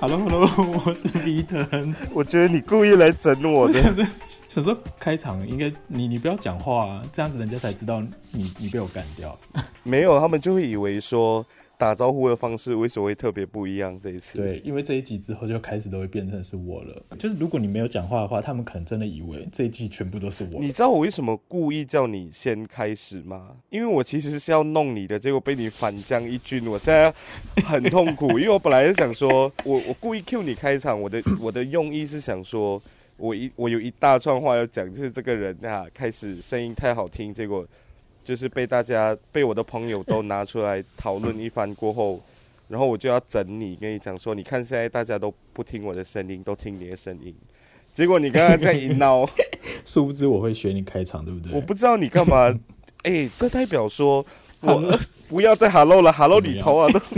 哈囉哈囉，hello, hello, 我是 Vitten。 我覺得你故意來整我的。 想說開場應該你你，不要講話，啊，這樣子人家才知道你你被我幹掉。 沒有，他們就會以為說。打招呼的方式為什麼會特別不一樣？這一次對，因為這一集之後就開始都會變成是我了。就是如果你沒有講話的話，他們可能真的以為這一集全部都是我了。你知道我為什麼故意叫你先開始嗎？因為我其實是要弄你的，結果被你反將一軍，我現在很痛苦。 因為我本來是想說，我我故意 cue 你開場，我的我的用意是想說，我一我有一大串話要講，就是這個人啊，開始聲音太好聽，結果。就是被大家、被我的朋友都拿出來討論一番過後，然後我就要整你，跟你講說，你看現在大家都不聽我的聲音，都聽你的聲音。結果你剛剛在一鬧，殊不知我會學你開場，對不對？我不知道你幹嘛，哎、 欸，這代表說我，我、 呃、不要再 hello 了，hello 裡頭啊都。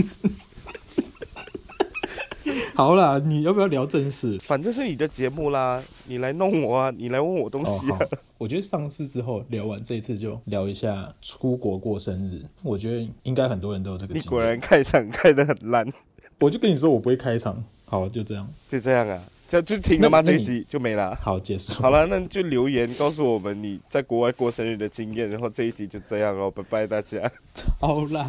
好啦，你要不要聊正事？反正是你的節目啦，你來弄我啊，你來問我東西啊。哦、我覺得上次之後聊完這次就聊一下出國過生日，我覺得應該很多人都有這個。你果然開場開得很爛， 我就跟你說我不會開場。好，就這樣，就這樣啊。就就停了嗎？那你，這一集就沒了。好，結束。好了，那就留言告訴我們你在國外過生日的經驗。然後這一集就這樣嘍，拜拜大家。超爛，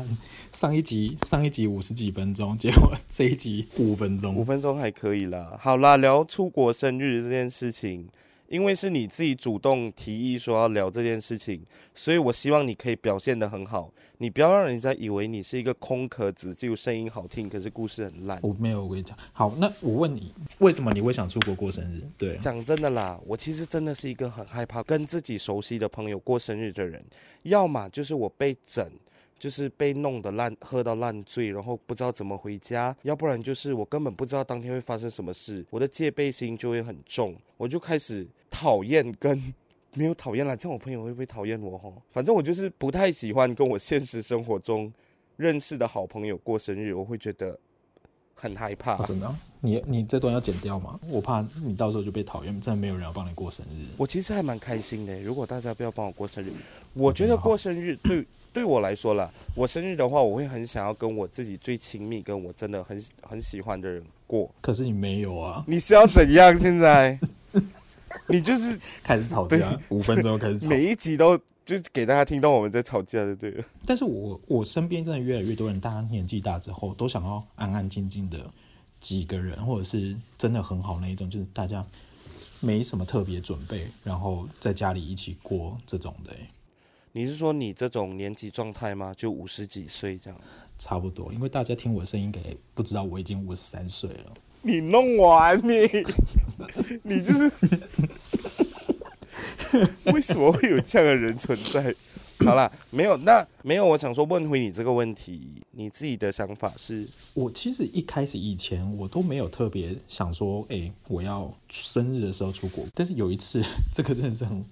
上一集上一集五十幾分鐘，結果這一集五分鐘，五分鐘還可以啦。好了，聊出國生日這件事情。因為是你自己主動提議說要聊這件事情，所以我希望你可以表現得很好，你不要讓人家以為你是一個空殼子，就聲音好聽，可是故事很爛。我沒有，我跟你講。好，那我問你，為什麼你會想出國過生日？對，講真的啦，我其實真的是一個很害怕跟自己熟悉的朋友過生日的人，要麼就是我被整，就是被弄得爛，喝到爛醉，然後不知道怎麼回家，要不然就是我根本不知道當天會發生什麼事，我的戒備心就會很重，我就開始。討厭跟沒有討厭了，這樣我朋友會不會討厭我？哦。吼，反正我就是不太喜歡跟我現實生活中認識的好朋友過生日，我會覺得很害怕。哦、真的、啊，你你這段要剪掉嗎？我怕你到時候就被討厭，再沒有人要幫你過生日。我其實還蠻開心的，如果大家不要幫我過生日，我覺得過生日對好對、對我來說了，我生日的話，我會很想要跟我自己最親密、跟我真的很很喜歡的人過。可是你沒有啊？你是要怎樣現在？ 你就是開始吵架，五分鐘開始吵架。每一集都就給大家聽到我們在吵架，對不對？但是我我身邊真的越來越多人，大家年紀大之後都想要安安靜靜的幾個人，或者是真的很好那一種，就是大家沒什麼特別準備，然後在家裡一起過這種的。你是說你這種年紀狀態嗎？就五十幾歲這樣？差不多，因為大家聽我聲音，給不知道我已經五十三歲了。你弄完你，你就是，為什麼會有這樣的人存在？好啦，沒有那沒有，我想說，問回你這個問題，你自己的想法是？我其實一開始以前我都沒有特別想說，哎、欸，我要生日的時候出國。但是有一次，這個真的是很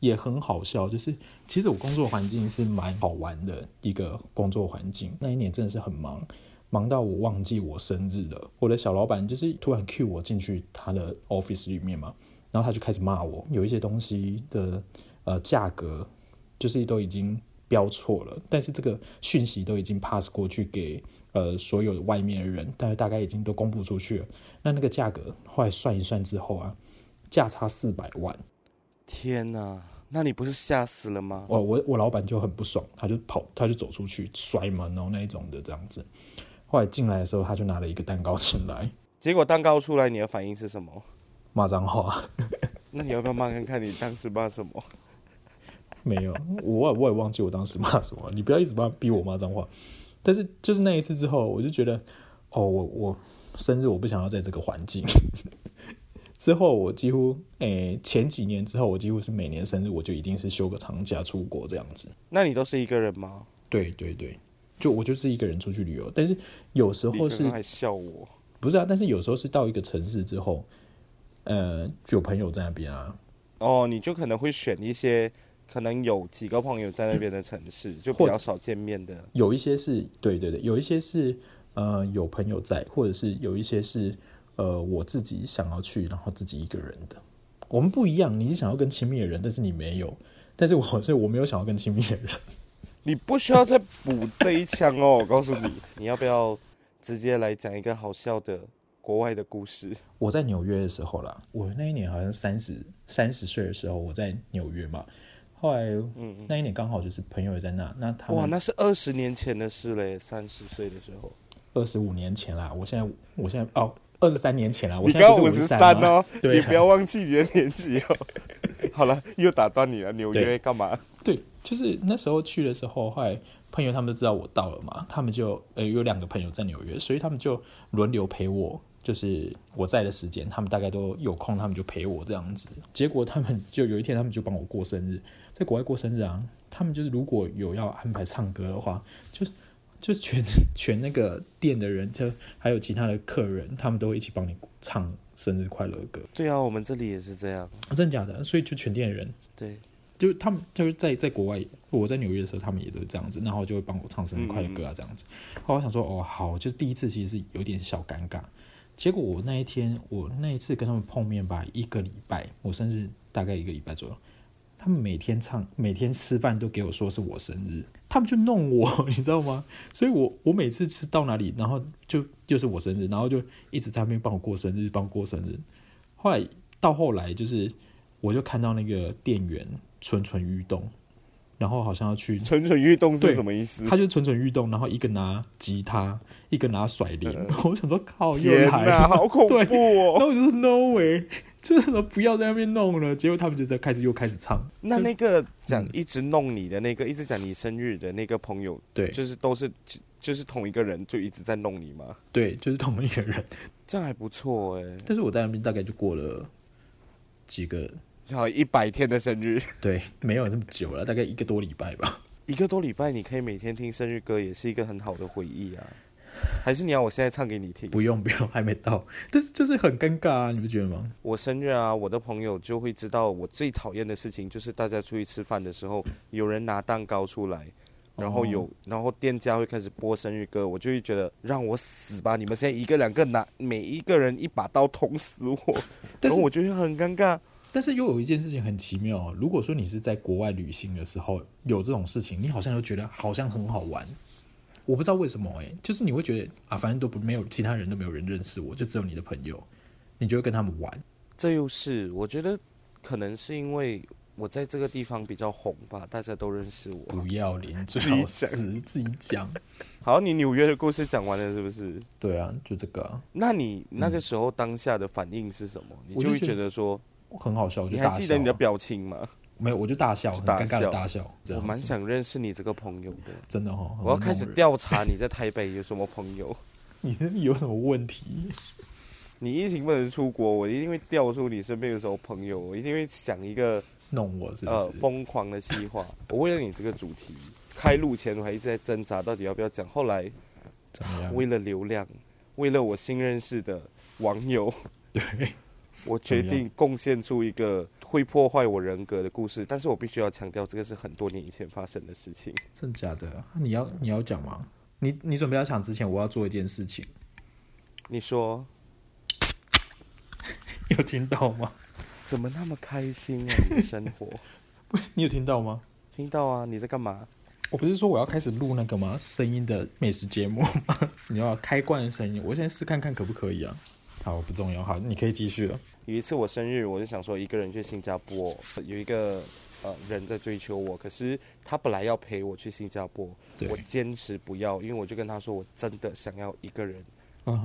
也很好笑，就是其實我工作環境是蠻好玩的一個工作環境。那一年真的是很忙，忙到我忘記我生日了。我的小老板就是突然 cue 我進去他的 office 裡面嘛，然後他就開始罵我，有一些東西的、呃、價格就是都已經標錯了，但是這個訊息都已經 pass 過去給呃所有外面的人，但是大概已經都公布出去了。那那個價格後來算一算之後啊，價差四百萬，天哪！那你不是嚇死了嗎？我我老板就很不爽，他就跑，他就走出去摔門，哦。然後那一種的這樣子。後來進來的時候，他就拿了一個蛋糕進來。結果蛋糕出來，你的反應是什麼？罵髒話。 那你有沒有罵？看看你當時罵什麼？ 沒有，我我也忘記我當時罵什麼。你不要一直罵，逼我罵髒話。但是就是那一次之後，我就覺得，哦，我我生日我不想要在這個環境。 之後我幾乎誒，前幾年之後，我幾乎是每年生日我就一定是休個長假出國這樣子。那你都是一個人嗎？對對對。就我就是一個人出去旅遊，但是有時候是剛剛還笑我，不是啊。但是有時候是到一個城市之後，呃，就有朋友在那邊啊。哦，你就可能會選一些可能有幾個朋友在那邊的城市，就比較少見面的。有一些是對對對，有一些是呃有朋友在，或者是有一些是呃我自己想要去，然後自己一個人的。我們不一樣，你是想要跟親密的人，但是你沒有，但是我是我沒有想要跟親密的人。你不需要再補這一槍哦，我告訴你，你要不要直接來講一個好笑的國外的故事？我在紐約的時候啦，我那一年好像三十三十歲的時候，我在紐約嘛。後來，嗯，那一年剛好就是朋友也在那，嗯嗯那他哇，那是二十年前的事嘞，三十歲的時候，二十五年前啦，我現在我現在哦，二十三年前啦，我剛五十三哦，你不要忘記你的年紀哦。 好了，又打斷你了，紐約幹嘛？就是那時候去的時候，後來朋友他們都知道我到了嘛，他們就、欸、有兩個朋友在紐約，所以他們就輪流陪我。就是我在的時間，他們大概都有空，他們就陪我這樣子。結果他們就有一天，他們就幫我過生日，在國外過生日啊。他們就是如果有要安排唱歌的話，就是就全全那個店的人，就還有其他的客人，他們都一起幫你唱生日快樂歌。對啊，我們這裡也是這樣，真的假的？所以就全店的人。對。就他們就是在在國外，我在紐約的時候，他們也都是這樣子，然後就會幫我唱生日快樂歌啊，這樣子。嗯、然後我想說，哦，好，就是第一次，其實是有點小尷尬。結果我那一天，我那一次跟他們碰面吧，一個禮拜，我生日大概一個禮拜左右，他們每天唱，每天吃飯都給我說是我生日，他們就弄我，你知道嗎？所以我我每次吃到哪裡，然後就又、就是我生日，然後就一直在那邊幫我過生日，幫我過生日。後來到後來就是。我就看到那個店員蠢蠢欲動，然後好像要去蠢蠢欲動是什麼意思？他就蠢蠢欲動，然後一個拿吉他，一個拿甩鈴。呃、我想說靠，靠天哪，好恐怖哦、喔！那我就說，No way，就是不要在那邊弄了。結果他們就在開始又開始唱。那那個講一直弄你的那個，嗯、一直講你生日的那個朋友，對，就是都是就是同一個人，就一直在弄你嗎？對，就是同一個人，這樣還不錯哎、欸。但是我在那邊大概就過了幾個。一百天的生日，對，沒有那麼久了，大概一個多禮拜吧。一個多禮拜，你可以每天聽生日歌，也是一個很好的回憶啊。還是你要我現在唱給你聽？不用不用，還沒到。但是就是很尷尬啊，你不覺得嗎？我生日啊，我的朋友就會知道。我最討厭的事情就是大家出去吃飯的時候，有人拿蛋糕出來，然後有、哦、然後店家會開始播生日歌，我就會覺得讓我死吧！你們現在一個兩個拿，每一個人一把刀捅死我，我就會但是我覺得很尷尬。但是又有一件事情很奇妙，如果說你是在國外旅行的時候有這種事情，你好像又覺得好像很好玩，我不知道為什麼哎、欸，就是你會覺得啊，反正都不沒有其他人都沒有人認識我，就只有你的朋友，你就會跟他們玩。這又是我覺得可能是因為我在這個地方比較紅吧，大家都認識我。不要臉，最好是自己講。 自己講。好，你紐約的故事講完了是不是？對啊，就這個。那你那個時候當下的反應是什麼？嗯、你就會覺得說。很好笑，笑你還記得你的表情嗎？沒有，我就大笑，大笑大笑。笑我蠻想認識你這個朋友的，真的哦。我要開始調查你在台北有什麼朋友。 你是不是有什麼問題？你疫情不能出國，我一定會調出你身邊有什麼朋友，我一定會想一個弄我，是不是呃，瘋狂的計劃。 我為了你這個主題，開錄前我還一直在掙扎，到底要不要講。後來為了流量，為了我新認識的網友。對。我決定貢獻出一個會破壞我人格的故事，但是我必須要強調，這個是很多年以前發生的事情。真假的？你要你要講嗎？你你準備要講之前，我要做一件事情。你說 ，有聽到嗎？怎麼那麼開心啊？你的生活？ 不你有聽到嗎？聽到啊！你在幹嘛？我不是說我要開始錄那個嗎？聲音的美食節目嗎？ 你要開罐的聲音。我先試看看可不可以啊？好，不重要。好，你可以繼續了。有一次我生日，我就想說一個人去新加坡，有一個呃人在追求我，可是他本來要陪我去新加坡，對我堅持不要，因為我就跟他說我真的想要一個人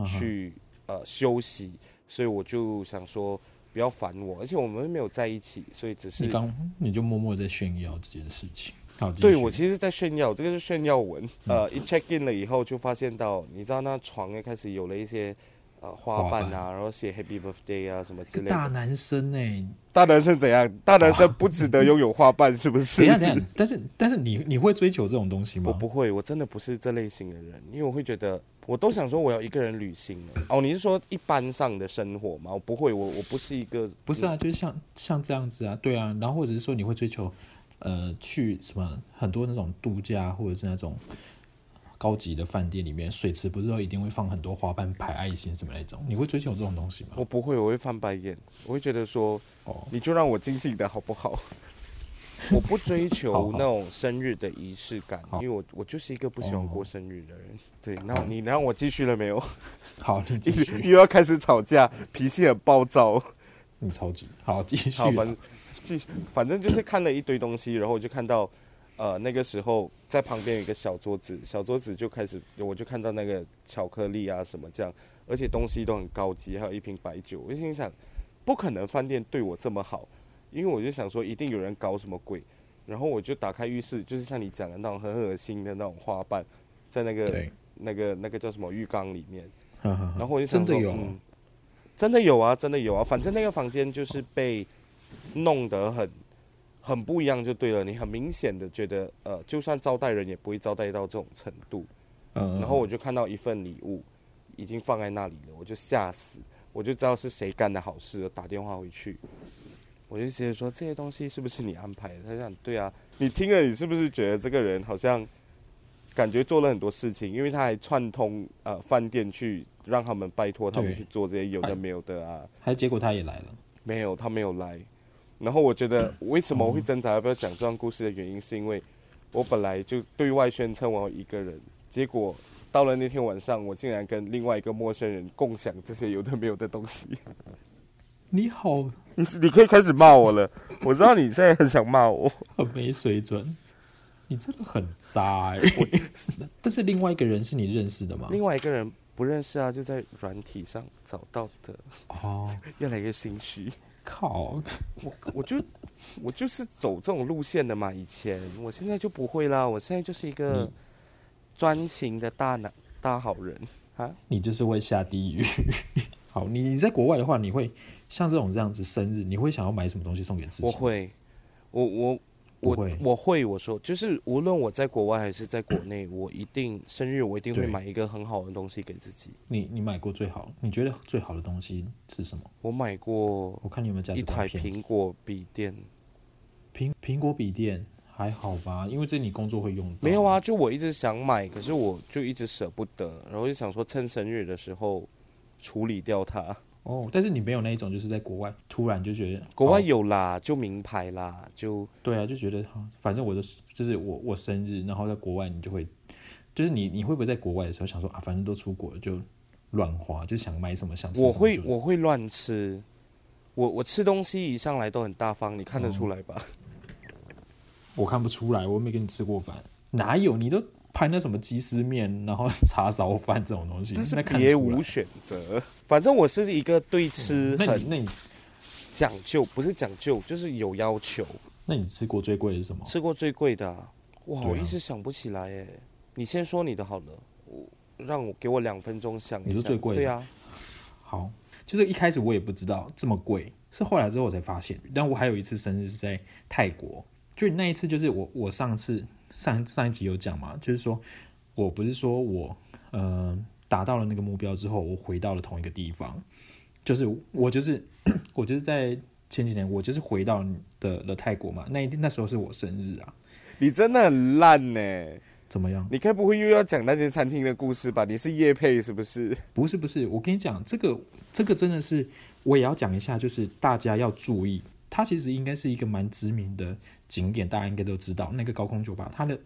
去、啊、哈哈呃休息，所以我就想說不要煩我，而且我們沒有在一起，所以只是你剛你就默默在炫耀這件事情。對，我其實在炫耀，這個是炫耀文，嗯、呃，一 check in 了以後就發現到，你知道那床也開始有了一些。花瓣啊，哇然後寫 Happy Birthday 啊，什麼之類的。大男生呢、欸？大男生怎樣？大男生不值得擁有花瓣，是不是？等一下，等一下，但是但是你你會追求這種東西嗎？我不會，我真的不是這類型的人，因為我會覺得，我都想說我要一個人旅行。哦，你是說一般上的生活嗎？我不會，我我不是一個，不是啊，就是、像像這樣子啊，對啊，然後或者是說你會追求，呃，去什麼很多那種度假，或者是那種。高級的飯店裡面，水池不知道一定會放很多花瓣排愛心什麼那種，你會追求這種東西嗎？我不會，我會翻白眼，我會覺得說，哦，你就讓我靜靜的好不好？我不追求那種生日的儀式感，因為我我就是一個不喜歡過生日的人。對，那你讓我繼續了沒有？好，你繼續又要開始吵架，脾氣很暴躁，你超級好，繼續，好，反正繼續，反正就是看了一堆東西，然後我就看到。呃，那個時候在旁邊有一個小桌子，小桌子就開始，我就看到那個巧克力啊什麼這樣，而且東西都很高級，還有一瓶白酒，我就心想，不可能飯店對我這麼好，因為我就想說一定有人搞什麼鬼，然後我就打開浴室，就是像你講的那種很惡心的那種花瓣，在那個那個那個叫什麼浴缸裡面，然後我就想說，真的有，真的有啊，真的有啊，反正那個房間就是被弄得很。很不一樣就對了，你很明顯的覺得，呃，就算招待人也不會招待到這種程度，嗯，然後我就看到一份禮物已經放在那裡了，我就嚇死，我就知道是誰幹的好事，我打電話回去，我就直接說，這些東西是不是你安排的？他講對啊，你聽了你是不是覺得這個人好像感覺做了很多事情，因為他還串通呃飯店去讓他們拜托他們去做這些有的沒有的啊？哎、還結果他也來了？沒有，他沒有來。然後我覺得為什麼我會掙扎要不要講這段故事的原因，是因為我本來就對外宣稱我一個人，結果到了那天晚上，我竟然跟另外一個陌生人共享這些有的沒有的東西。你好你，你你可以開始罵我了， 我知道你現在很想罵我，很沒水準，你真的很渣哎、欸！ 但是另外一個人是你認識的嗎？另外一個人不認識啊，就在軟體上找到的。哦，越來越心虛。靠啊，我，我我就我就是走這種路線的嘛。以前，我現在就不會啦。我現在就是一個專情的大男大好人啊。你就是會下地獄。 好，你你在國外的話，你會像這種這樣子生日，你會想要買什麼東西送給自己？我會，我我。我會我會我說，就是無論我在國外還是在國內， 我一定生日我一定會買一個很好的東西給自己。你你買過最好，你覺得最好的東西是什麼？我買過，我看有沒有加一台蘋果筆電。蘋蘋果筆電還好吧？因為這你工作會用沒有啊，就我一直想買，可是我就一直舍不得，然後就想說趁生日的時候處理掉它。哦，但是你沒有那一種，就是在國外突然就覺得國外有啦，哦、就名牌啦，就對啊，就覺得反正我的就是我我生日，然後在國外你就會，就是你你會不會在國外的時候想說啊，反正都出國了就亂花，就想買什麼，想吃什麼。我會我會亂吃，我我吃東西一上來都很大方，你看得出來吧？哦、我看不出來，我沒跟你吃過飯，哪有你都。拍那什麼雞絲麵，然後叉燒飯這種東西，那是別無選擇。反正我是一個對吃很講究，嗯、那你講究，不是講究就是有要求。那你吃過最貴的是什麼？吃過最貴的，啊、我好意思想不起來哎。你先說你的好了，讓我給我兩分鐘想一想。你說最貴的對啊？好，就是一開始我也不知道這麼貴，是後來之後我才發現。但我還有一次生日是在泰國，就那一次就是我我上次，上上一集有講嘛，就是說，我不是說我呃達到了那個目標之後，我回到了同一個地方，就是我就是我就是在前幾年，我就是回到的了泰國嘛。那那那時候是我生日啊。你真的很爛呢、欸，怎麼樣？你該不會又要講那些餐廳的故事吧？你是業配是不是？不是不是，我跟你講，這個這個真的是我也要講一下，就是大家要注意。它其實應該是一個蠻知名的景點，大家應該都知道那個高空酒吧，它的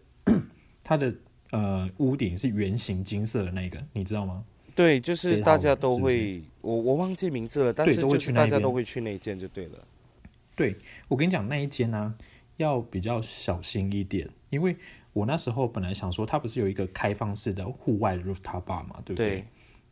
它的呃屋頂是圓形金色的那個，你知道嗎？對，就是大家都會，是是我我忘記名字了，但是就是大家都會去那間就對了。對，我跟你講那一間呢、啊，要比較小心一點，因為我那時候本來想說它不是有一個開放式的戶外 rooftop 吧嘛，對不對？對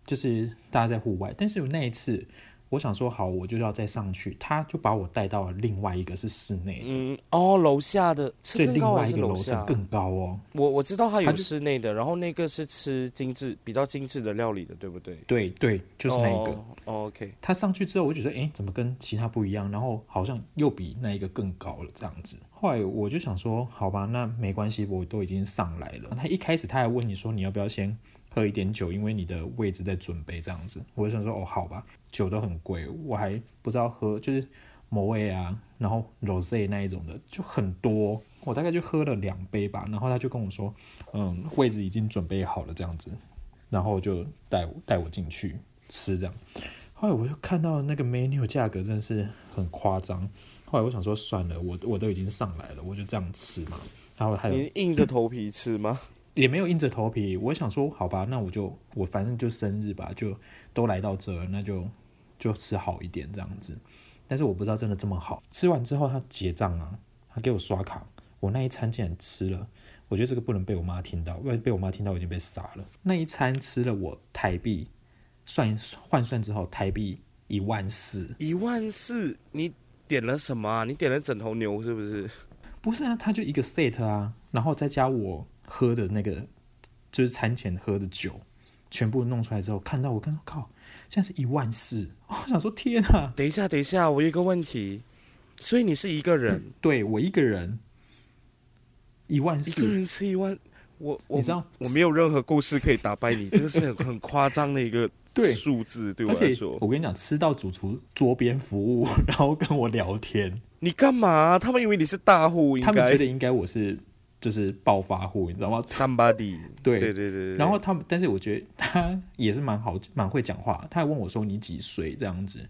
就是大家在戶外，但是有那一次。我想說好，我就要再上去，他就把我帶到了另外一個是室內，嗯，哦，樓下的，所以另外一個樓層更高哦。我我知道他有室內的，就然後那個是吃精緻、比較精緻的料理的，對不對？對對，就是那個。哦哦、OK，他上去之後，我就覺得誒怎麼跟其他不一樣？然後好像又比那一個更高了這樣子。後來我就想說，好吧，那沒關係，我都已經上來了。他一開始他還問你說，你要不要先？喝一點酒，因為你的位置在準備這樣子，我就想說哦，好吧，酒都很貴，我還不知道喝就是 Moët 啊，然後 Rose 那一種的就很多、哦，我大概就喝了兩杯吧，然後他就跟我說，嗯，位置已經準備好了這樣子，然後就帶我帶我進去吃這樣，後來我就看到那個 menu 價格真是很誇張，後來我想說算了，我我都已經上來了，我就這樣吃嘛，然後還有你硬着頭皮吃嗎？也沒有硬着頭皮，我想說，好吧，那我就我反正就生日吧，就都來到這兒，那就就吃好一點這樣子。但是我不知道真的這麼好。吃完之後，他結賬啊，他給我刷卡，我那一餐竟然吃了，我覺得這個不能被我媽聽到，因為被我媽聽到我已經被殺了。那一餐吃了我台幣，算換算之後台幣一萬四，一萬四，你點了什麼啊？你點了整頭牛是不是？不是啊，他就一個 set 啊，然後再加我。喝的那個就是餐前喝的酒，全部弄出來之後，看到我，跟我，我靠，竟然是一萬四！哦、我想說，天啊！等一下，等一下，我有一個問題。所以你是一個人？欸、對我一個人，一萬四。一個人吃一萬，我，我知道，我沒有任何故事可以打敗你，這個是很很誇張的一個數字， 對，對我來說。我跟你講，吃到主廚桌邊服務，然後跟我聊天，你幹嘛？他們以為你是大戶，他們覺得應該我是。就是暴發戶，你知道嗎？Somebody，對，對對對對。然後他們，但是我覺得他也是蠻好，蠻會講話。他還問我說：“你幾歲？”這樣子，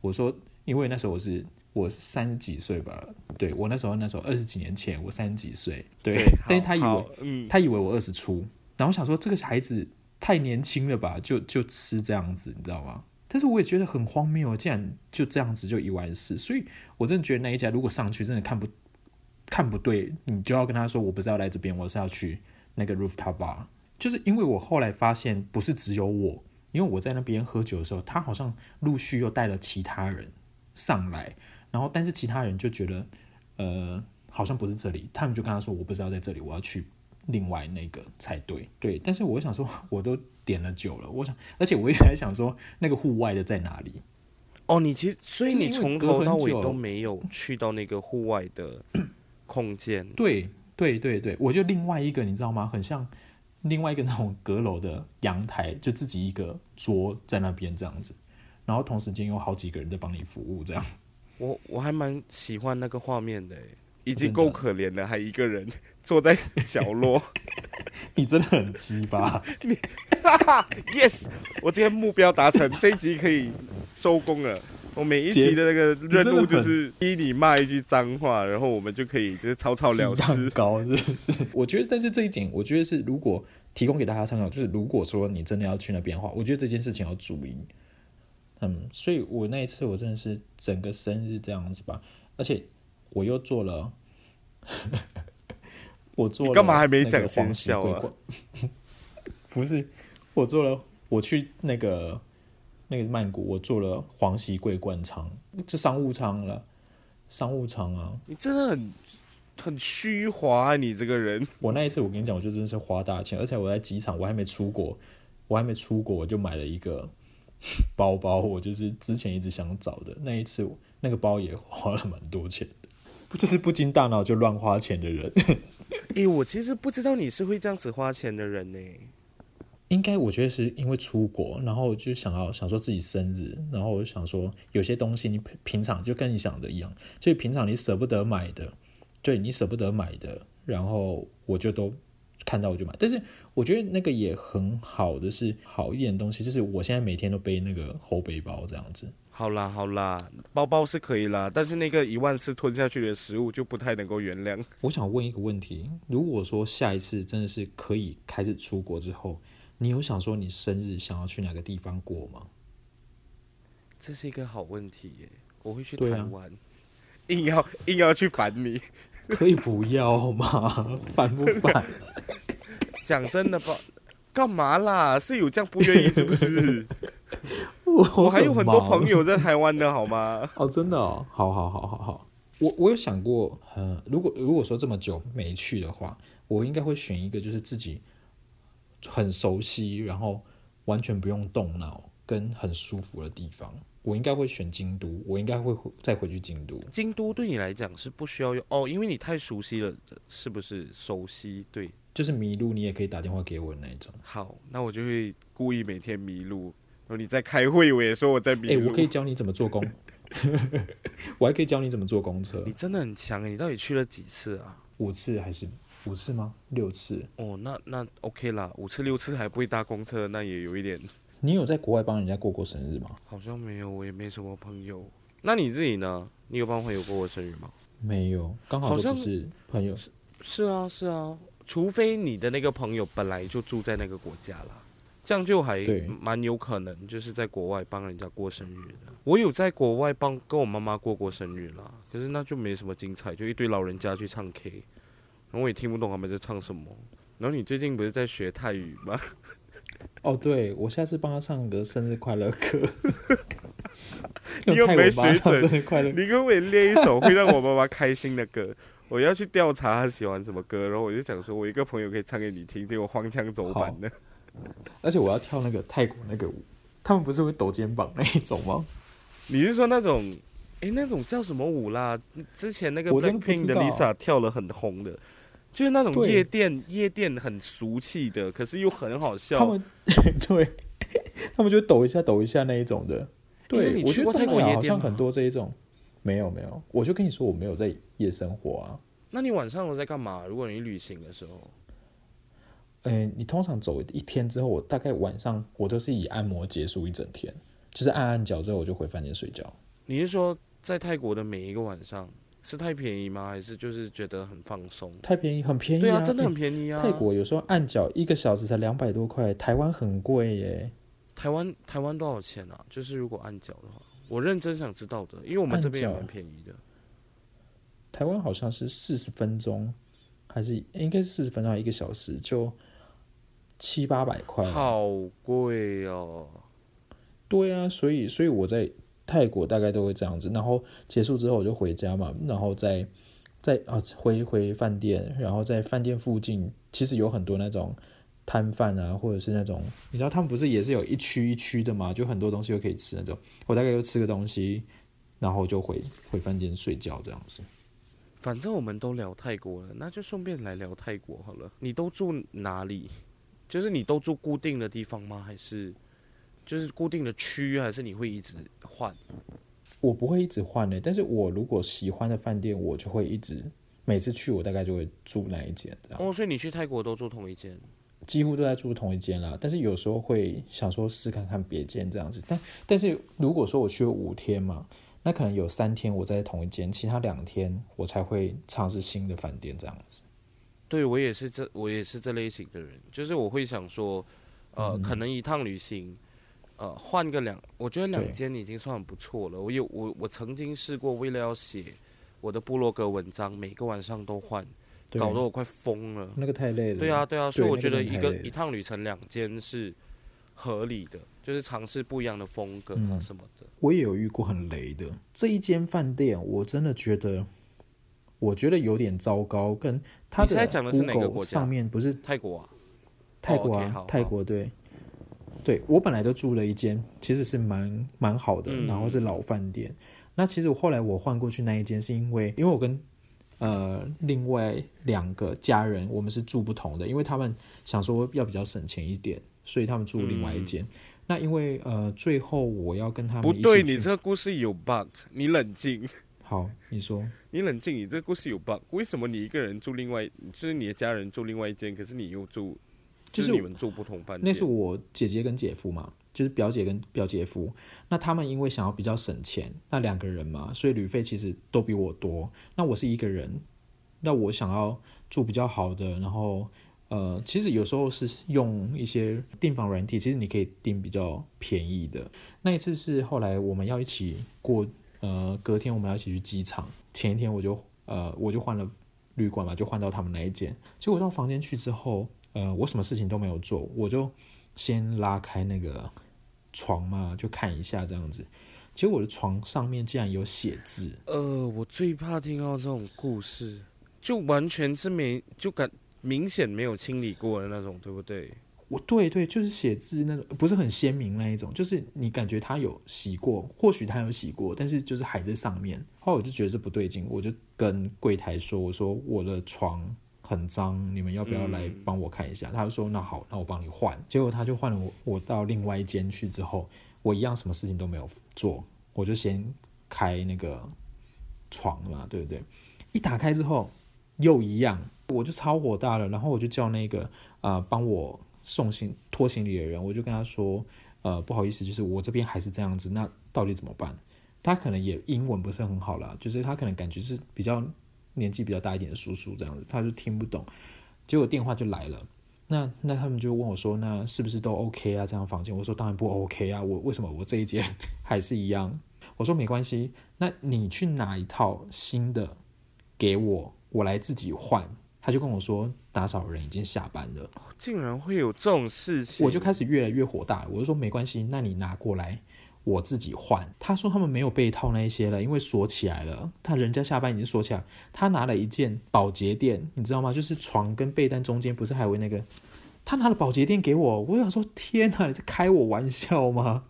我說：“因為那時候我是我是三十幾歲吧？”對，我那時候那時候二十幾年前，我三十幾歲。對，對，但是他以為，他以為我二十出。嗯、然後想說這個孩子太年輕了吧，就就吃這樣子，你知道嗎？但是我也覺得很荒謬，竟然就這樣子就一萬四。所以我真的覺得那一家如果上去，真的看不。看不對，你就要跟他說，我不是要來這邊，我是要去那個 rooftop bar。就是因為我後來發現，不是只有我，因為我在那邊喝酒的時候，他好像陸續又帶了其他人上來，然後但是其他人就覺得，呃，好像不是這裡，他們就跟他說，我不是要在這裡，我要去另外那個才對。對，但是我想說，我都點了酒了，我想，而且我一直在想說，那個戶外的在哪裡？哦，你其實，所以你從頭到尾都沒有去到那個戶外的、外的。 空間對對對對，我就另外一個你知道嗎？很像另外一個那種閣樓的陽台，就自己一個桌在那邊這樣子，然後同時間有好幾個人在幫你服務這樣。我我還蠻喜歡那個畫面的，已經夠可憐了，還一個人坐在角落。你真的很機掰，你哈哈，yes，我今天目標達成， 這一集可以收工了。我每一集的那個任務就是逼你罵一句髒話，然後我們就可以就是草草了事。高，是不是？ 我覺得，但是這一點，我覺得是如果提供給大家參考，就是如果說你真的要去那邊的話，我覺得這件事情要注意。嗯，所以我那一次，我真的是整個生日這樣子吧，而且我又做了， 我做了，幹嘛還沒整？生肖啊？ 不是，我做了，我去那個。那個曼谷，我坐了皇璽桂冠艙，這商務艙了，商務艙啊！你真的很很虛華，啊，你這個人。我那一次，我跟你講，我就真的是花大錢，而且我在機場，我還沒出國，我還沒出國，我就買了一個包包，我就是之前一直想找的。那一次，那個包也花了蠻多錢的，就是不經大腦就亂花錢的人。哎、 欸，我其實不知道你是會這樣子花錢的人呢，欸。應該我覺得是因為出國，然後就想要想說自己生日，然後我就想說有些東西你平常就跟你想的一樣，就是平常你舍不得買的，對你舍不得買的，然後我就都看到我就買。但是我覺得那個也很好的是好一點的東西，就是我現在每天都背那個厚背包這樣子。好啦好啦，包包是可以啦，但是那個一萬次吞下去的食物就不太能夠原諒。我想問一個問題，如果說下一次真的是可以開始出國之後。你有想說你生日想要去哪個地方過嗎？這是一個好問題耶，我會去台灣，啊，硬要硬要去煩你，可以不要嗎？煩 不煩？講真的吧，幹 嘛啦？是有這樣不願意是不是？我我還有很多朋友在台灣的好嗎？ 哦，真的，哦。好好好好好，我我有想過，嗯，如果如果說這麼久沒去的話，我應該會選一個就是自己。很熟悉，然後完全不用動腦，跟很舒服的地方，我應該會選京都，我應該會回，再回去京都。京都對你來講是不需要用哦，因為你太熟悉了，是不是？熟悉對，就是迷路你也可以打電話給我那一種。好，那我就會故意每天迷路，然後你在開會，我也說我在迷路。路，欸，我可以教你怎麼做公。 我還可以教你怎麼坐公車。你真的很強，你到底去了幾次啊？五次還是？五次嗎？六次哦，oh, 那那 OK 啦，五次六次還不會搭公車，那也有一點。你有在國外幫人家過過生日嗎？好像沒有，我也沒什麼朋友。那你自己呢？你有幫朋友過過生日嗎？沒有，剛好是朋友是是啊是啊，除非你的那個朋友本來就住在那個國家啦，這樣就還蠻有可能就是在國外幫人家過生日的。對我有在國外幫跟我媽媽過過生日啦。可是那就沒什麼精彩，就一堆老人家去唱 K。我也聽不懂他們在唱什麼。然後你最近不是在學泰語嗎？哦，對，我下次幫他唱個生日快樂歌。你又沒水準，你給我也練一首會讓我媽媽開心的歌。 我要去調查他喜歡什麼歌，然後我就想說，我一個朋友可以唱給你聽。結果荒腔走板的。而且我要跳那個泰國那個舞，他們不是會抖肩膀那一種嗎？你是說那種？誒，那種叫什麼舞啦？之前那個《BLACKPINK》的 Lisa 跳了很紅的。就是那種夜店，對夜店很俗氣的，可是又很好笑。他們對，他們就抖一下抖一下那一種的。欸、對，欸、那你去過，我覺得泰國夜店好像很多這一種。沒有沒有，我就跟你說我沒有在夜生活啊。那你晚上都在幹嘛？如果你旅行的時候，嗯、欸，你通常走一天之後，我大概晚上我都是以按摩結束一整天，就是按按腳之後我就回房間睡覺。你是說在泰國的每一個晚上？是太便宜嗎？還是就是覺得很放鬆？太便宜，很便宜，啊，對啊，真的很便宜啊！欸、泰國有時候按腳一個小時才兩百多塊，台灣很貴耶。台灣台灣多少錢啊？就是如果按腳的話，我認真想知道的，因為我們這邊也蠻便宜的。台灣好像是四十分鐘，還是、欸、應該是四十分鐘，一個小時就七八百塊，好貴哦。對啊，所以所以我在。泰國大概都會這樣子，然後結束之後我就回家嘛，然後再再啊回回飯店，然後在飯店附近其實有很多那種攤販啊，或者是那種你知道他們不是也是有一區一區的嘛，就很多東西都可以吃那種，我大概就吃個東西，然後就回回飯店睡覺這樣子。反正我們都聊泰國了，那就順便來聊泰國好了。你都住哪裡？就是你都住固定的地方嗎？還是？就是固定的區，還是你會一直換？我不會一直換的，欸，但是我如果喜歡的飯店，我就會一直每次去，我大概就會住那一間。哦，所以你去泰國都住同一間？幾乎都在住同一間啦，但是有時候會想說試看看別間這樣子。但但是如果說我去了五天嘛，那可能有三天我在同一間，其他兩天我才會嘗試新的飯店這樣子。對，我也是這，我也是這類型的人，就是我會想說，呃，嗯，可能一趟旅行。呃，換個兩，我覺得兩間已經算很不錯了。對我有我我曾經試過，為了要寫我的部落格文章，每個晚上都換，對搞得我快瘋了。那個太累了對、啊。對啊，對啊，對所以我覺得一個，個一趟旅程兩間是合理的，就是嘗試不一樣的風格啊，什麼的、嗯。我也有遇過很雷的，這一間飯店我真的覺得，我覺得有點糟糕。跟他的是哪個國家？上面不是泰國啊，泰國啊，哦、okay, 泰國好對。對，我本來都住了一間，其實是蠻蠻好的，然後是老飯店。嗯、那其實後來我換過去那一間，是因為因為我跟呃另外兩個家人，我們是住不同的，因為他們想說要比較省錢一點，所以他們住另外一間。嗯、那因為呃最後我要跟他們不對，你這個故事有 bug，你冷靜。 好，你說你冷靜，你這個故事有 bug，為什麼你一個人住另外，就是你的家人住另外一間，可是你又住？就是、就是你們住不同飯店。那是我姐姐跟姐夫嘛，就是表姐跟表姐夫。那他們因為想要比較省錢，那兩個人嘛，所以旅費其實都比我多。那我是一個人，那我想要住比較好的，然後呃，其實有時候是用一些訂房軟體，其實你可以訂比較便宜的。那一次是後來我們要一起過，呃，隔天我們要一起去機場，前一天我就呃我就換了旅館嘛，就換到他們那一間。結果到房間去之後。呃，我什麼事情都沒有做，我就先拉開那個床嘛，就看一下這樣子。其實我的床上面竟然有寫字。呃，我最怕聽到這種故事，就完全是沒，就感明顯沒有清理過的那種，對不對？我對對，就是寫字那種，不是很鮮明那一種，就是你感覺它有洗過，或許它有洗過，但是就是還在上面。後來我就覺得這不對勁，我就跟櫃台說：“我說我的床。”很髒，你們要不要來幫我看一下？嗯、他就說，那好，那我幫你換。結果他就換了我，我到另外一間去之後，我一樣什麼事情都沒有做，我就先開那個床嘛，對不對？一打開之後又一樣，我就超火大了。然後我就叫那個啊幫、呃、我送行拖行李的人，我就跟他說呃不好意思，就是我這邊還是這樣子，那到底怎麼辦？他可能也英文不是很好啦、啊，就是他可能感覺是比較。年紀比較大一點的叔叔這樣子，他就聽不懂，結果電話就來了。那那他們就問我說：“那是不是都 OK 啊？這樣房間？”我說：“當然不 OK 啊！我為什麼我這一間還是一樣？”我說：“沒關係，那你去拿一套新的給我，我來自己換。”他就跟我說：“打掃人已經下班了。”竟然會有這種事情！我就開始越來越火大。我就說：“沒關係，那你拿過來。”我自己換。他說他們沒有被套那一些了，因為鎖起來了。他人家下班已經鎖起來。他拿了一件保潔墊，你知道嗎？就是床跟被單中間不是還有那個？他拿了保潔墊給我，我想說天哪，你在開我玩笑嗎？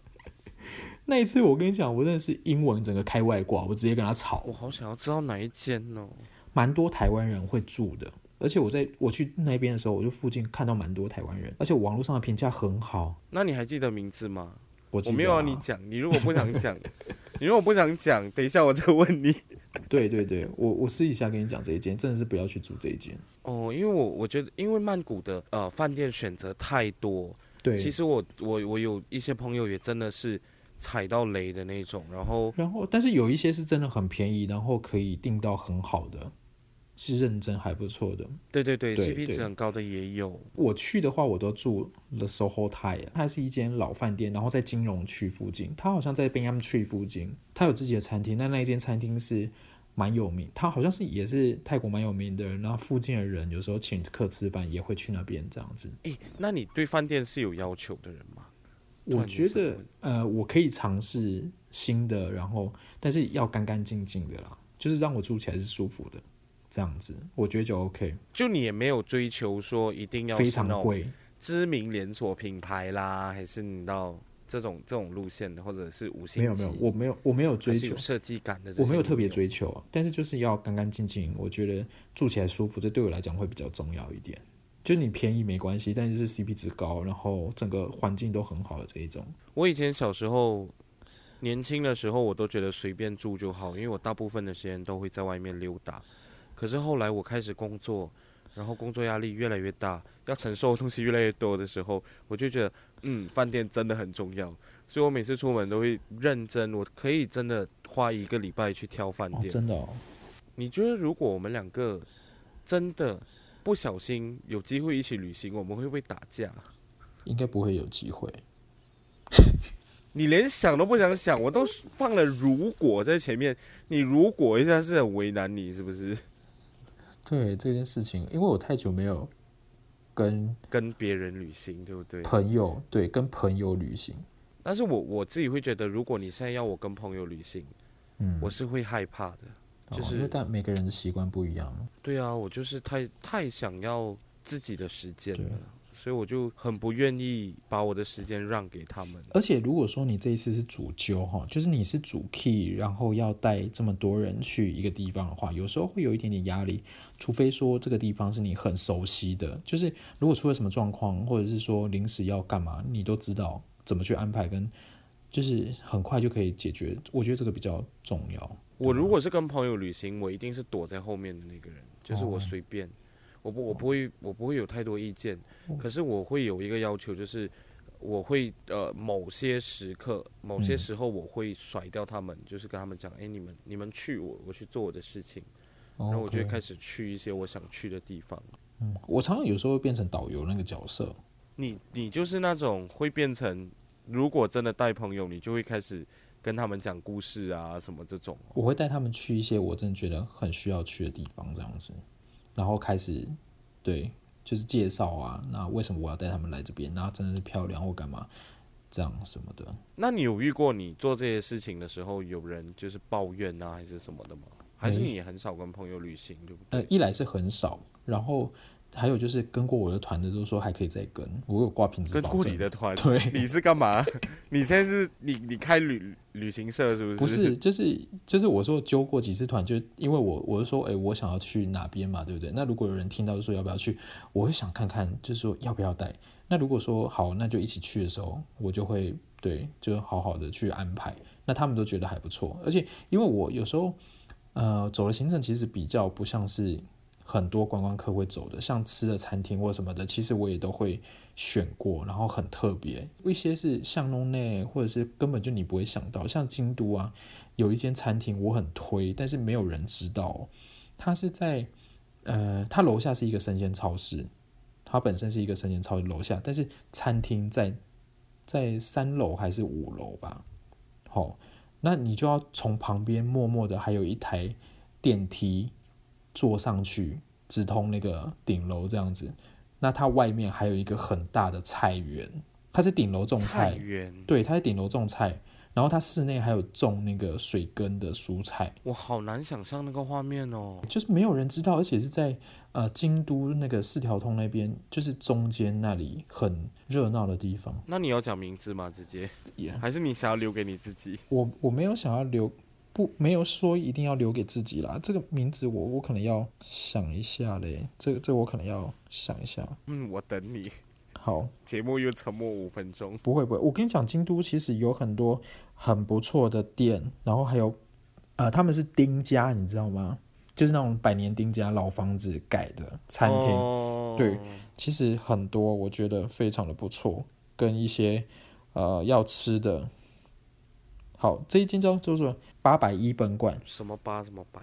那一次我跟你講，我真的是英文整個開外掛，我直接跟他吵。我好想要知道哪一間哦，蠻多台灣人會住的，而且我在我去那邊的時候，我就附近看到蠻多台灣人，而且網絡上的評價很好。那你還記得名字嗎？我，啊、我沒有要你講，你如果不想講， 你如果不想講，等一下我再問你。對對對，我我私底下跟你講這一間，真的是不要去住這一間。哦，因為我我覺得，因為曼谷的呃飯店選擇太多，對，其實我我我有一些朋友也真的是踩到雷的那種，然後然後但是有一些是真的很便宜，然後可以訂到很好的。是認真還不錯的，對對對，對，CP 值很高的也有。我去的話，我都住了 Soho Thai，它是一間老飯店，然後在金融區附近。它好像在 Benam Tree 附近，它有自己的餐廳。但那一間餐廳是蠻有名，它好像是也是泰國蠻有名的人。然後附近的人有時候請客吃飯也會去那邊這樣子。欸，那你對飯店是有要求的人嗎？我覺得，呃，我可以嘗試新的，然後但是要乾乾淨淨的啦，就是讓我住起來是舒服的。這樣子，我覺得就 OK，就你也沒有追求說一定要非常貴、知名連鎖品牌啦，還是你到這種這種路線的，或者是五星。沒有沒有，我沒有我沒有追求設計感的，我沒有特別追求，但是就是要乾干淨淨，我覺得住起來舒服，這對我來講會比較重要一點。就你便宜沒關係，但是是 CP 值高，然後整個環境都很好的這一種。我以前小時候年輕的時候，我都覺得隨便住就好，因為我大部分的時間都會在外面溜達。可是後來我開始工作，然後工作壓力越來越大，要承受的東西越來越多的時候，我就覺得，嗯，飯店真的很重要，所以我每次出門都會認真，我可以真的花一個禮拜去挑飯店。哦，真的哦，你覺得如果我們兩個真的不小心有機會一起旅行，我們會不會打架？應該不會有機會。 你連想都不想想，我都放了如果在前面，你如果一下是很為難你，是不是？對這件事情，因為我太久沒有跟跟別人旅行，對不對？朋友，對，跟朋友旅行。但是我我自己會覺得，如果你現在要我跟朋友旅行，嗯，我是會害怕的，就是、哦、但每個人的習慣不一樣。對啊，我就是太太想要自己的時間了。所以我就很不願意把我的時間讓給他們。而且如果說你這一次是主揪哈，就是你是主 key，然後要帶這麼多人去一個地方的話，有時候會有一點點壓力。除非說這個地方是你很熟悉的，就是如果出了什麼狀況，或者是說臨時要幹嘛，你都知道怎麼去安排，跟就是很快就可以解決。我覺得這個比較重要。我如果是跟朋友旅行，我一定是躲在後面的那個人，就是我隨便，哦。我不我不會我不會有太多意見，可是我會有一個要求，就是我會呃某些時刻某些時候我會甩掉他們，嗯、就是跟他們講，誒、欸，你們你們去我我去做我的事情，哦 okay、然後我就會開始去一些我想去的地方。嗯，我常常有時候會變成導遊那個角色。你你就是那種會變成，如果真的帶朋友，你就會開始跟他們講故事啊什麼這種。我會帶他們去一些我真覺得很需要去的地方，這樣子。然後開始，對，就是介紹啊。那為什麼我要帶他們來這邊？那真的是漂亮，或幹嘛這樣什麼的。那你有遇過你做這些事情的時候，有人就是抱怨啊，還是什麼的嗎？還是你很少跟朋友旅行，欸、對不對？呃，一來是很少，然後。還有就是跟過我的團的都說還可以再跟，我有掛品質保證。跟過你的團，對，你是幹嘛？你現在是你你開旅旅行社，是不是？不是，就是就是我說揪過幾次團，就因為我我是說，誒、欸、我想要去哪邊嘛，對不對？那如果有人聽到說要不要去，我會想看看，就是說要不要帶。那如果說好，那就一起去的時候，我就會對，就好好的去安排。那他們都覺得還不錯，而且因為我有時候呃走的行程其實比較不像是，很多觀光客會走的，像吃的餐廳或什麼的，其實我也都會選過，然後很特別。一些是巷弄內，或者是根本就你不會想到，像京都啊，有一間餐廳我很推，但是沒有人知道。它是在呃，它樓下是一個生鮮超市，它本身是一個生鮮超市樓下，但是餐廳在在三樓還是五樓吧？好、哦，那你就要從旁邊默默的，還有一台電梯。坐上去直通那個頂樓這樣子，那它外面還有一個很大的菜園，它是頂樓種菜。菜園，對，它是頂樓種菜，然後它室內還有種那個水耕的蔬菜。我好難想象那個畫面哦、喔，就是沒有人知道，而且是在呃京都那個四條通那邊，就是中間那裡很熱鬧的地方。那你要講名字嗎？直接，Yeah. 還是你想要留給你自己？我我沒有想要留。不，沒有說一定要留給自己啦。這個名字我我可能要想一下嘞，這這我可能要想一下。嗯，我等你。好，節目又沉默五分鐘。不會不會，我跟你講，京都其實有很多很不錯的店，然後還有，啊、呃，他們是町家，你知道嗎？就是那種百年町家老房子改的餐廳。Oh. 對，其實很多我覺得非常的不錯，跟一些呃要吃的。好，這一間叫做八百一本館，什麼八什麼百，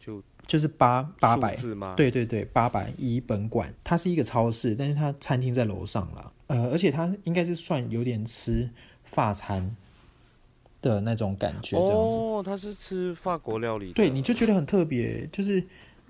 就就是八八百，數字嗎？800, 對對對，八百一本館，它是一個超市，但是它餐廳在樓上了、呃，而且它應該是算有點吃法餐的那種感覺這樣子。哦，它是吃法國料理。對，你就覺得很特別，就是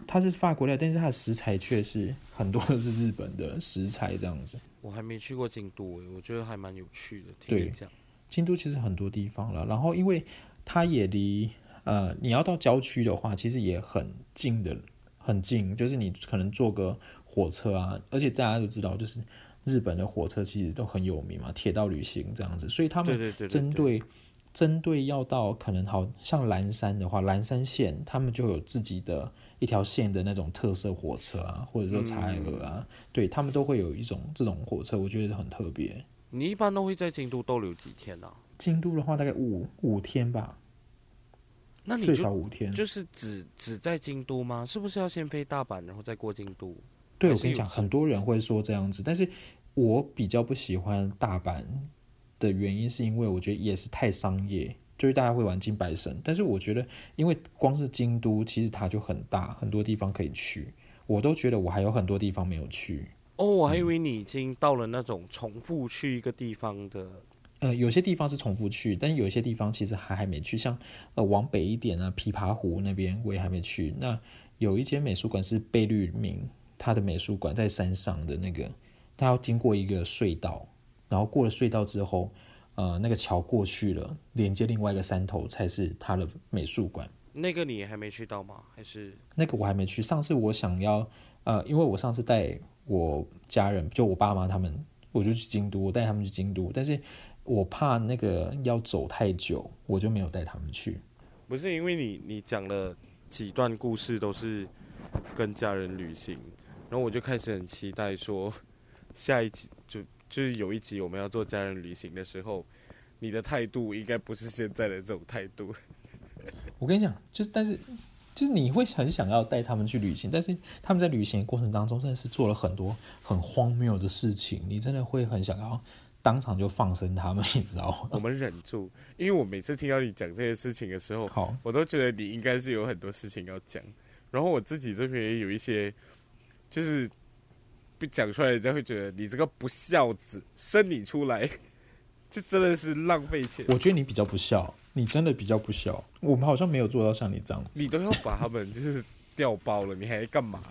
它是法國料理，但是它的食材卻是很多是日本的食材這樣子。我還沒去過京都，我覺得還蠻有趣的。聽你講對。京都其實很多地方了，然後因為它也離呃你要到郊區的話，其實也很近的，很近。就是你可能坐個火車啊，而且大家都知道，就是日本的火車其實都很有名嘛，鐵道旅行這樣子。所以他們針對,對,對,對,對,對針對要到可能好像嵐山的話，嵐山線他們就有自己的一條線的那種特色火車啊，或者說茶色啊，嗯、對他們都會有一種這種火車，我覺得很特別。你一般都會在京都逗留幾天呢、啊？京都的話，大概五五天吧。那你最少五天，就是只只在京都嗎？是不是要先飛大阪，然後再過京都？對我跟你講，很多人會說這樣子，但是我比較不喜歡大阪的原因，是因為我覺得也是太商業，就是大家會玩京阪神。但是我覺得，因為光是京都，其實它就很大，很多地方可以去。我都覺得我還有很多地方沒有去。哦，我還以為你已經到了那種重複去一個地方的。嗯、呃，有些地方是重複去，但有些地方其實還還沒去，像呃往北一點啊，琵琶湖那邊我也還沒去。那有一間美術館是貝聿銘他的美術館在山上的那個，他要經過一個隧道，然後過了隧道之後，呃，那個橋過去了，連接另外一個山頭才是他的美術館。那個你還沒去到嗎？還是那個我還沒去，上次我想要呃，因為我上次帶。我家人就我爸媽他們，我就去京都，我帶他們去京都。但是，我怕那個要走太久，我就沒有帶他們去。不是因為你，你講了幾段故事都是跟家人旅行，然後我就開始很期待說，下一集就就是有一集我們要做家人旅行的時候，你的態度應該不是現在的這種態度。我跟你講，就是但是。就是你會很想要帶他們去旅行，但是他們在旅行的過程當中真的是做了很多很荒謬的事情，你真的會很想要當場就放生他們，你知道嗎？我們忍住，因為我每次聽到你講這些事情的時候，好我都覺得你應該是有很多事情要講，然後我自己這邊有一些，就是被講出來，人家會覺得你這個不孝子，生你出來就真的是浪費錢。我覺得你比較不孝。你真的比較不孝，我們好像沒有做到像你這樣子。你都要把他們就是掉包了， 你還要幹嘛？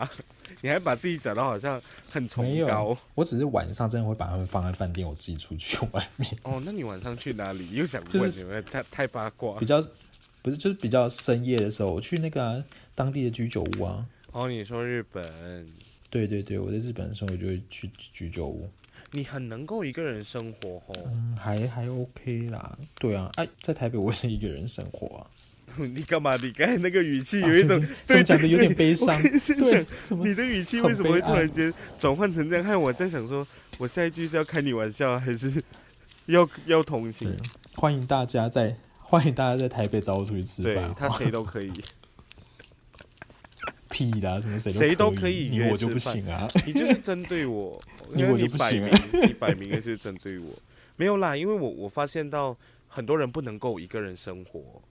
你還把自己整到好像很崇高。沒有，我只是晚上真的會把他們放在飯店，我自己出去外面。哦，那你晚上去哪裡？又想問你們、就是、太太八卦？比較不是，就是比較深夜的時候，我去那個、啊、當地的居酒屋啊。哦，你說日本？對對對，我在日本的時候，我就會去居酒屋。你很能夠一個人生活哦，還還 OK 啦，對啊，哎，在台北我也是一個人生活啊。你幹嘛？你剛才那個語氣有一種，對對對，講的有點悲傷，對，怎麼？你的語氣為什麼會突然間轉換成這樣？看我在想說，我下一句是要開你玩笑，還是要要同情？歡迎大家在歡迎大家在台北找我出去吃飯，他誰都可以。屁啦，什麼誰都可以，你我就不行啊，你就是針對我。因為你擺明， 你擺明就是針對我，沒有啦。因為我我發現到很多人不能夠一個人生活，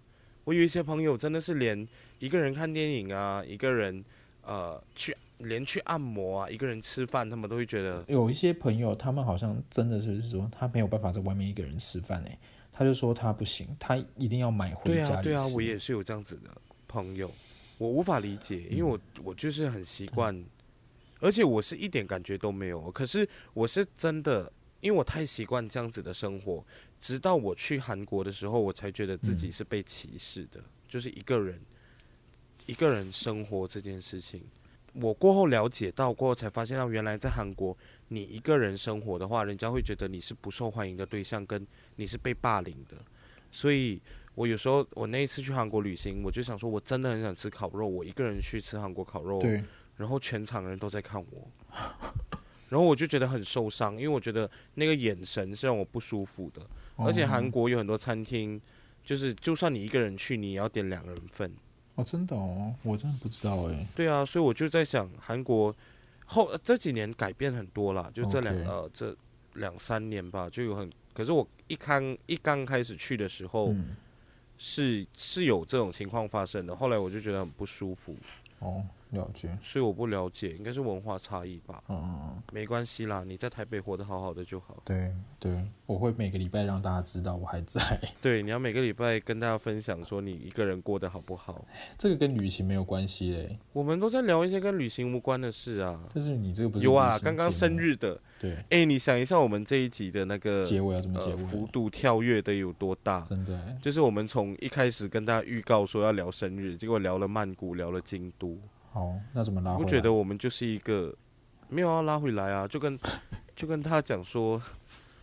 我有一些朋友真的是連一個人看電影啊，一個人呃去連去按摩啊，一個人吃飯，他們都會覺得有一些朋友，他們好像真的是說他沒有辦法在外面一個人吃飯，欸，哎，他就說他不行，他一定要買回家裡。對啊，對啊，我也是有這樣子的朋友，我無法理解，因為我、嗯、我就是很習慣、嗯。而且我是一點感覺都沒有，可是我是真的，因為我太習慣這樣子的生活，直到我去韓國的時候，我才覺得自己是被歧視的，嗯、就是一個人一個人生活這件事情，我過後了解到過後才發現到原來在韓國你一個人生活的話，人家會覺得你是不受歡迎的對象，跟你是被霸凌的，所以我有時候我那一次去韓國旅行，我就想說我真的很想吃烤肉，我一個人去吃韓國烤肉。然後全場的人都在看我，然後我就覺得很受傷，因為我覺得那個眼神是讓我不舒服的。而且韓國有很多餐廳，就是就算你一個人去，你也要點兩人份。哦，真的哦，我真的不知道哎。對啊，所以我就在想，韓國後這幾年改變很多了，就這兩呃這兩三年吧，就有很。可是我一剛一剛開始去的時候，是是有這種情況發生的。後來我就覺得很不舒服。哦。了解，所以我不了解，應該是文化差異吧。嗯，嗯，嗯，沒關係啦，你在台北活得好好的就好。對對，我會每個禮拜讓大家知道我還在。對，你要每個禮拜跟大家分享說你一個人過得好不好？這個跟旅行沒有關係嘞。我們都在聊一些跟旅行無關的事啊。但是你這個不是有啊，剛剛生日的。對。哎，你想一下，我們這一集的那個結尾要怎麼結尾，呃，幅度跳躍的有多大？真的，就是我們從一開始跟大家預告說要聊生日，結果聊了曼谷，聊了京都。好，oh, 那怎麼拉回來？我覺得我們就是一個，沒有要，拉回來啊，就跟就跟他講說，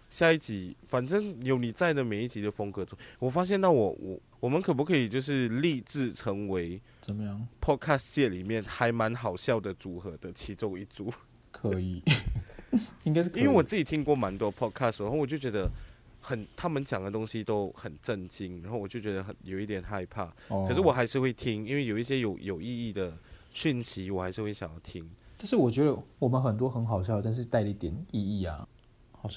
下一集反正有你在的每一集的風格中，我發現到我我我們可不可以就是立志成為怎麼樣 Podcast 界裡面還蠻好笑的組合的其中一組？可以， 應該是可以，因為我自己聽過蠻多 Podcast，然後我就覺得很他們講的東西都很震驚，然後我就覺得很有一點害怕，oh. 可是我還是會聽，因為有一些有有意義的。訊息我還是會想要聽，但是我覺得我們很多很好笑，但是帶了一點意義啊。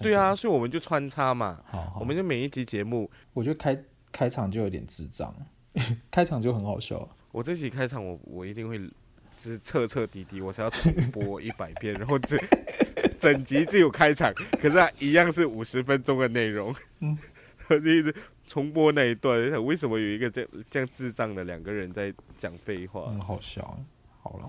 對啊，所以我們就穿插嘛。好好，我們就每一集節目，我覺得開開場就有點智障， 開場就很好笑。我這集開場我，我我一定會就是徹徹底底，我想要重播一百遍， 然後整整集只有開場，可是他一樣是五十分鐘的內容。嗯，我就 一直重播那一段，想為什麼有一個這樣這樣智障的兩個人在講廢話，嗯，好笑。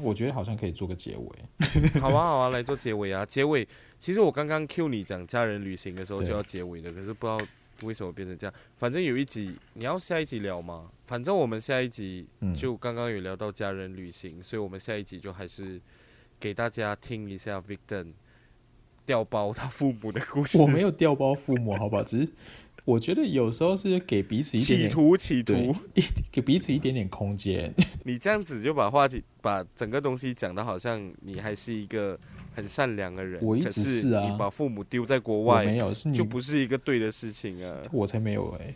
我覺得好像可以做個結尾，好啊好啊，來做結尾啊！ 結尾其實我剛剛 Q 你講家人旅行的時候就要結尾的，對可是不知道為什麼變成這樣。反正有一集你要下一集聊嗎？反正我們下一集就剛剛有聊到家人旅行，嗯、所以我們下一集就還是給大家聽一下 Victor 調包他父母的故事。我沒有調包父母，好不好？ 只是。我覺得有時候是給彼此一點點企圖，企圖一給彼此一點點空間。你這樣子就把話題、把整個東西講的好像你還是一個很善良的人。是啊、可是你把父母丟在國外，沒有，就不是一個對的事情啊？我才沒有哎、欸，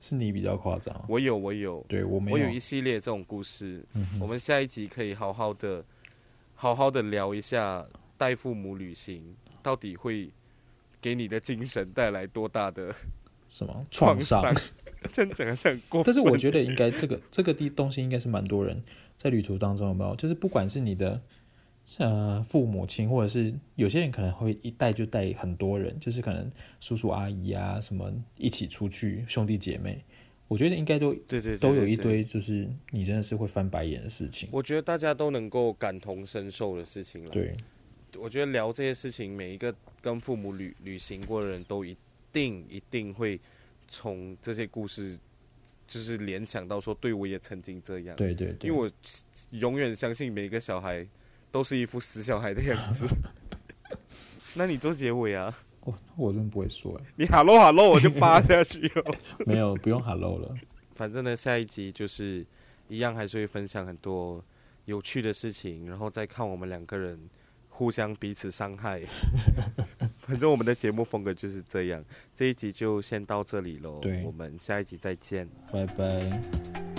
是你比較誇張。我有，我有，對我沒有，我有一系列這種故事。嗯哼我們下一集可以好好的、好好的聊一下帶父母旅行到底會給你的精神帶來多大的。什麼創傷？整個是很過分。 但是我覺得應該這個這個的東西應該是蠻多人在旅途當中，有沒有？就是不管是你的，呃，父母親，或者是有些人可能會一帶就帶很多人，就是可能叔叔阿姨啊，什麼一起出去，兄弟姐妹，我覺得應該都對對、對、對對，都有一堆，就是你真的是會翻白眼的事情。我覺得大家都能夠感同身受的事情了。對，我覺得聊這些事情，每一個跟父母旅旅行過的人都一。定一定會從這些故事，就是聯想到說，對我也曾經這樣。對,對對，因為我永遠相信每一個小孩都是一副死小孩的樣子。 那你做結尾啊？我我真不會說。你哈嘍哈嘍，我就扒下去了。 沒有，不用哈嘍了。反正呢，下一集就是一樣，還是會分享很多有趣的事情，然後再看我們兩個人互相彼此傷害。 反正我們的節目風格就是這樣，這一集就先到這裡咯。對，我們下一集再見，拜拜。